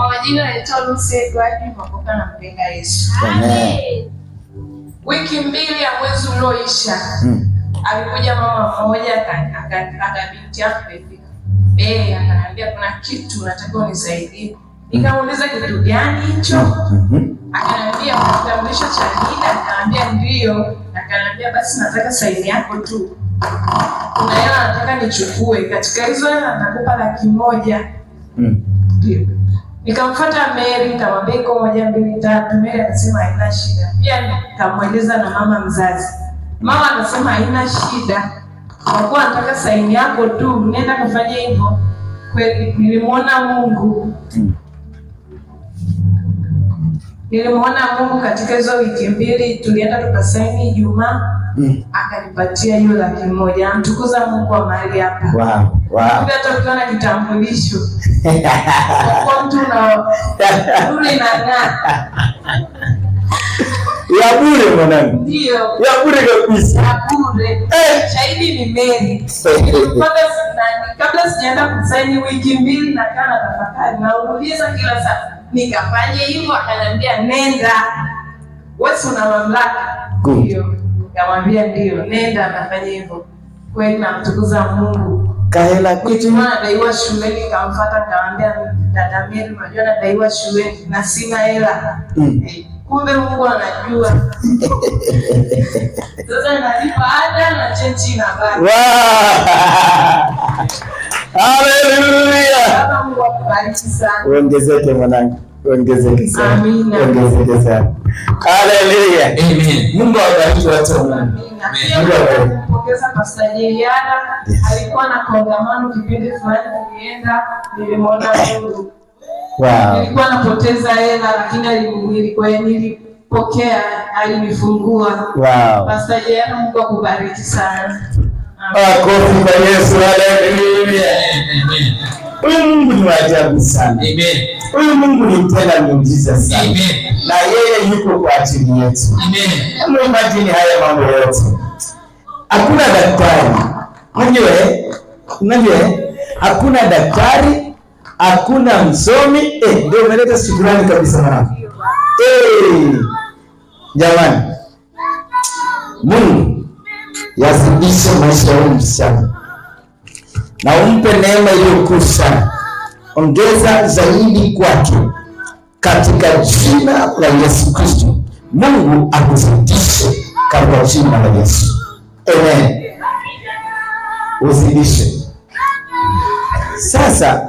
Kwa majina naitwa Lucy Edward Mwakoka, nampenda Yesu. Amen. Wiki mbili ya mwezi ulioisha hmm, alikuja mama mmoja akataka binti yako imefika Mbeya, akaniambia kuna kitu nataka unisaidie. Hmm. Nikamuuliza kitu gani hicho? mm Akaniambia kitambulisho cha NIDA, akaniambia ndio, akaniambia basi nataka saini yako tu. Kuna hela nataka nichukue, katika hizo hela nakupa laki moja. Mm. Nikamfuata Mary nikamwambia iko moja mbili tatu. Mary akasema haina shida. Pia nikamweleza na mama mzazi. Mama akasema haina shida, kwa kuwa nataka saini yako tu, nenda kufanya hivyo. Kweli nilimwona Mungu, mm. nilimwona Mungu katika hizo wiki mbili. Tulienda tukasaini Ijumaa Mm. akanipatia hiyo laki moja. Namtukuza Mungu wa mahali hapa. Wow, wow. Hata na kitambulisho mtu unang'aa ya bure mwanangu, ndio ya bure kabisa, ya bure. Eh. Shahidi ni Mary. Kabla sijaenda kusaini, wiki mbili na na tafakari, nauliza kila saa nikafanye hivyo, akaniambia nenda, wewe una mamlaka, ndio Nikamwambia ndio, nenda akafanya hivyo. Kweli namtukuza Mungu. Kahela kitu daiwa shuleni, nikamfuata nikamwambia dada Mary, unajua na daiwa shuleni na sina hela. Mm. Eh, kumbe Mungu anajua. Sasa nalipa ada na chenchi na baba. Wow! Hallelujah. Mungu akubariki sana. Uongezeke mwanangu. Ongezeke sana. Amina. Ongezeke sana. Haleluya. Amen. Mungu awabariki watu wa Mungu. Amina. Kumpongeza Pastor Eliana, alikuwa na kongamano kipindi fulani kuenda, nilimwona Mungu. Wow. Nilikuwa napoteza hela lakini alikuwa nilipokea, alinifungua. Wow. Pastor Eliana, Mungu akubariki sana. Amen. Ah, kwa Yesu. Haleluya. Amen. Huyu Mungu ni wa sana. Amen. Huyu Mungu ni mtenda miujiza sana. Amen. Na yeye yuko kwa ajili yetu. Amen. Imagine haya mambo yote, hakuna daktari, unajua eh? unajua, eh? hakuna daktari, hakuna msomi, eh, ndio umeleta shukrani kabisa mara. Eh, jamani, Mungu yazidishe maisha ya sana na umpe neema iliyokuu sana, ongeza zaidi kwake katika jina la Yesu Kristo. Mungu akuzidishe katika jina la Yesu, amen. Uzidishe sasa